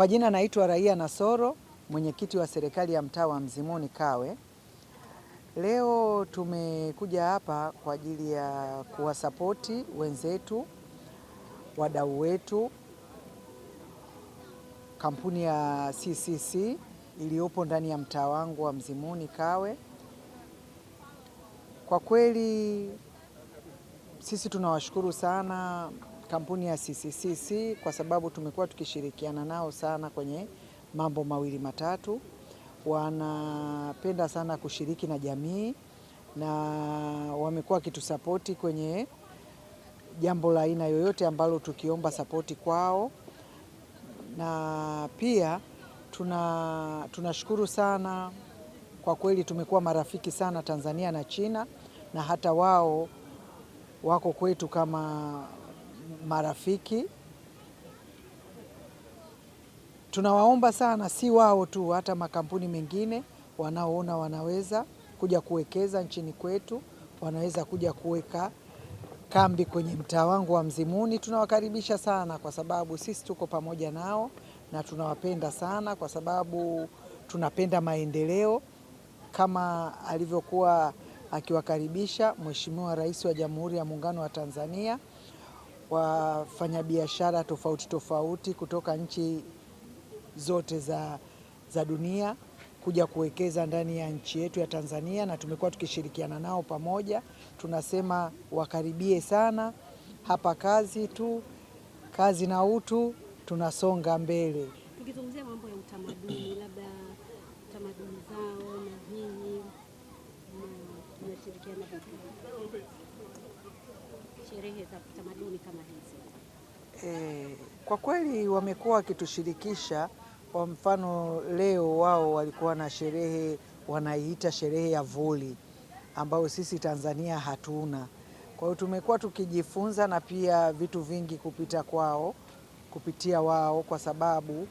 Kwa jina naitwa Raia Nasoro, mwenyekiti wa serikali ya mtaa wa Mzimuni Kawe. Leo tumekuja hapa kwa ajili ya kuwasapoti wenzetu, wadau wetu, kampuni ya CCC iliyopo ndani ya mtaa wangu wa Mzimuni Kawe. Kwa kweli sisi tunawashukuru sana kampuni ya CCCC kwa sababu tumekuwa tukishirikiana nao sana kwenye mambo mawili matatu. Wanapenda sana kushiriki na jamii na wamekuwa wakitusapoti kwenye jambo la aina yoyote ambalo tukiomba sapoti kwao, na pia tuna tunashukuru sana kwa kweli, tumekuwa marafiki sana Tanzania na China, na hata wao wako kwetu kama marafiki. Tunawaomba sana, si wao tu, hata makampuni mengine wanaoona wanaweza kuja kuwekeza nchini kwetu, wanaweza kuja kuweka kambi kwenye mtaa wangu wa Mzimuni. Tunawakaribisha sana, kwa sababu sisi tuko pamoja nao na tunawapenda sana, kwa sababu tunapenda maendeleo kama alivyokuwa akiwakaribisha Mheshimiwa Rais wa Jamhuri ya Muungano wa Tanzania wafanyabiashara tofauti tofauti kutoka nchi zote za, za dunia kuja kuwekeza ndani ya nchi yetu ya Tanzania, na tumekuwa tukishirikiana nao pamoja. Tunasema wakaribie sana hapa, kazi tu, kazi na utu, tunasonga mbele. Tukizungumzia mambo ya utamaduni, labda zao na nyinyi mnashirikiana sherehe za kitamaduni kama hizi? E, kwa kweli wamekuwa wakitushirikisha. Kwa mfano leo wao walikuwa na sherehe wanaiita sherehe ya vuli ambayo sisi Tanzania hatuna. Kwa hiyo tumekuwa tukijifunza na pia vitu vingi kupita kwao, kupitia wao, kwa sababu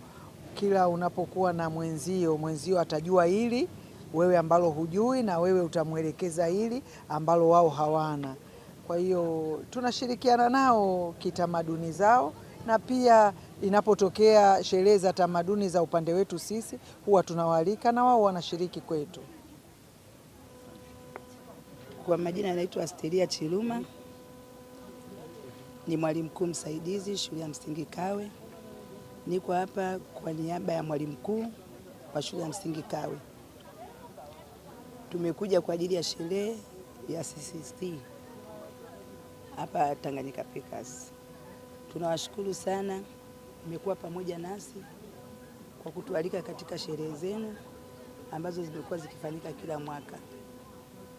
kila unapokuwa na mwenzio, mwenzio atajua hili wewe ambalo hujui, na wewe utamwelekeza hili ambalo wao hawana. Kwa hiyo tunashirikiana nao kitamaduni zao, na pia inapotokea sherehe za tamaduni za upande wetu sisi huwa tunawaalika na wao wanashiriki kwetu. Kwa majina anaitwa Asteria Chiluma, ni mwalimu mkuu msaidizi shule ya msingi Kawe. Niko hapa kwa niaba ya mwalimu mkuu wa shule ya msingi Kawe. Tumekuja kwa ajili ya sherehe ya CCT hapa Tanganyika Pickers. Tunawashukuru sana, mmekuwa pamoja nasi kwa kutualika katika sherehe zenu ambazo zimekuwa zikifanyika kila mwaka,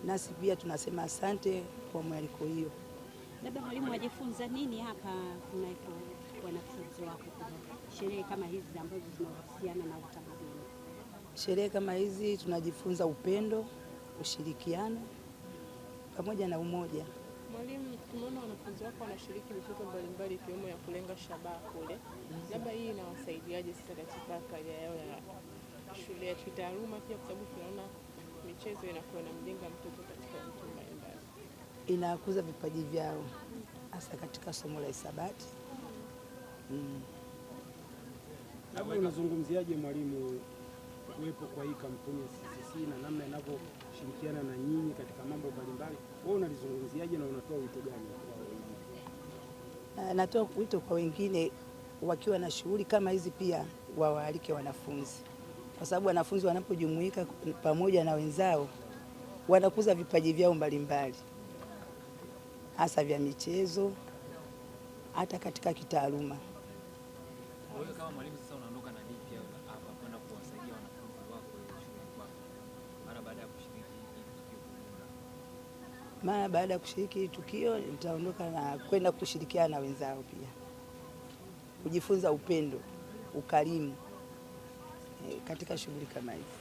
nasi pia tunasema asante kwa mwaliko hiyo. Labda mwalimu, ajifunza nini hapa kunapo wanafunzi wako sherehe kama hizi ambazo zinahusiana na utamaduni? Sherehe kama hizi tunajifunza upendo, ushirikiano pamoja na umoja. Mwalimu, tumeona wanafunzi wako wanashiriki michezo mbalimbali ikiwemo ya kulenga shabaha kule, labda hii inawasaidiaje sasa katika karia yao ya shule ya kitaaluma pia, kwa sababu tunaona michezo inakuwa inamjenga mtoto katika vitu mbalimbali, inakuza vipaji vyao hasa katika somo la hisabati. Labda unazungumziaje mwalimu kuwepo kwa hii kampuni ya CCC na namna inavyoshirikiana na nyinyi katika mambo mbalimbali, wewe unalizungumziaje na unatoa wito gani kwa wengine? Ah, natoa wito kwa wengine wakiwa na shughuli kama hizi pia wawaalike wanafunzi, kwa sababu wanafunzi wanapojumuika pamoja na wenzao wanakuza vipaji vyao mbalimbali, hasa vya michezo, hata katika kitaaluma. Mara baada ya kushiriki tukio nitaondoka na kwenda kushirikiana na wenzao pia kujifunza upendo, ukarimu eh, katika shughuli kama hizi.